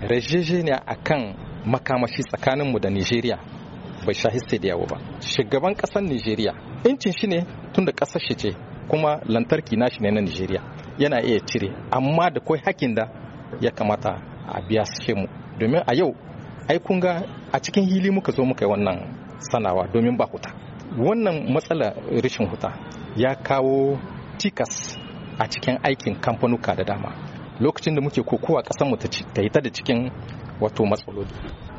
rajejeniya a kan makamashi tsakaninmu da nigeria bai sha hisse da yawo ba shugaban kasar nigeria incin shi ne tun da kasar shi ce kuma lantarki nashi ne na nigeria yana iya cire amma da kai hakin da ya kamata a biya shi mu domin a yau ai kun ga a cikin hili muka zo muka yi wannan sanawa domin ba huta wannan matsala rashin huta ya kawo tikas a cikin aikin kamfanuka da dama lokacin da muke kokowa ƙasar mu ta yi ta da cikin wato matsaloli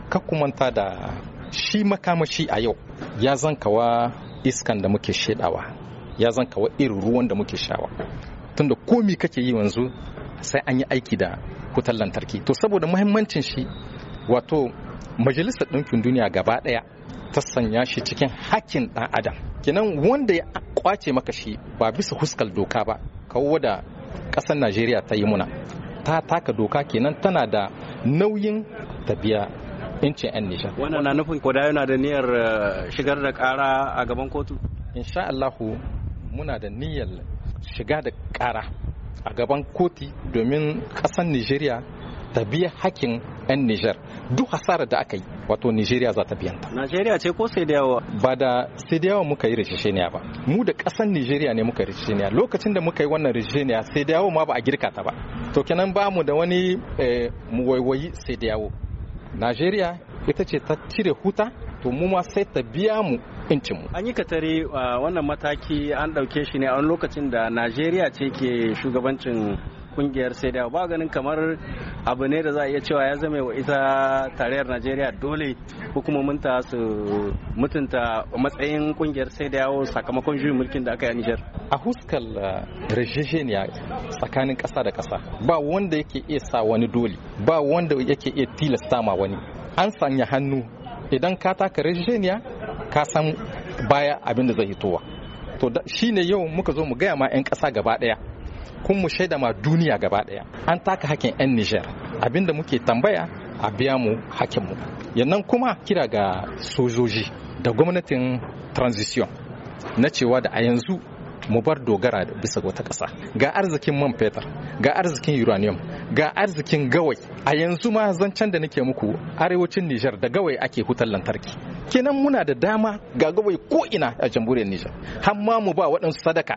Ka kumanta manta da shi makamashi a yau ya zankawa iskan da muke shedawa ya zankawa irin ruwan da muke shawa tunda komi kake yi yanzu sai an yi aiki da wutar lantarki to saboda muhimmancin shi wato majalisar ɗinkin duniya gaba ɗaya ta sanya shi cikin hakkin ɗan adam kenan wanda ya kwace maka shi ba bisa huskar doka ba kawo da ƙasar najeriya ta yi muna ta taka doka kenan tana da nauyin in incin 'yan nisha wannan na nufin koda yana da niyyar eh, shigar da ƙara a gaban kotu insha Allahu muna da niyyar shiga da ƙara a gaban koti domin ƙasar Nijeriya ta biya hakkin 'yan Nijar duk hasarar da aka yi wato Nigeria za ta biyanta. Nigeria ce ko sai da Ba da sai da yawa muka yi ba. Mu da ƙasan Nigeria ne muka yi rishisheniya. Lokacin da muka yi wannan rishisheniya sai da ma ba a girka ta ba. To kenan ba mu da wani eh, mu waiwayi sai da Nigeria ita ce ta cire huta to mu ma sai ta biya mu mu An yi katare ah, wannan mataki an ɗauke shi ne a wani lokacin da Najeriya ce ke shugabancin kungiyar sai da ba ganin kamar abu ne da za a iya cewa ya zame wa ita tarayyar najeriya dole hukumomin ta su mutunta matsayin kungiyar sai da yawo sakamakon juyin mulkin da aka yi nijar a huskar uh, rashishiniya tsakanin kasa da kasa ba wanda yake iya sa wani dole ba wanda yake iya tilasta ma wani an sanya hannu idan ka taka rishishiniya ka san baya abin da zai hitowa to shine yau muka zo mu gaya ma 'yan kasa gaba daya. kun mu shaida ma duniya gaba daya an taka hakin 'yan Niger abinda muke tambaya a biya mu hakin mu. yannan kuma kira ga sojoji da gwamnatin transition na cewa da a yanzu mu bar dogara bisa wata ƙasa ga arzikin man fetur ga arzikin uranium ga arzikin gawai a yanzu ma zancen da nake muku arewacin Niger da gawai ake hutar lantarki kenan muna da dama ga gawai ko ina a jamhuriyar Niger har ma mu ba waɗansu sadaka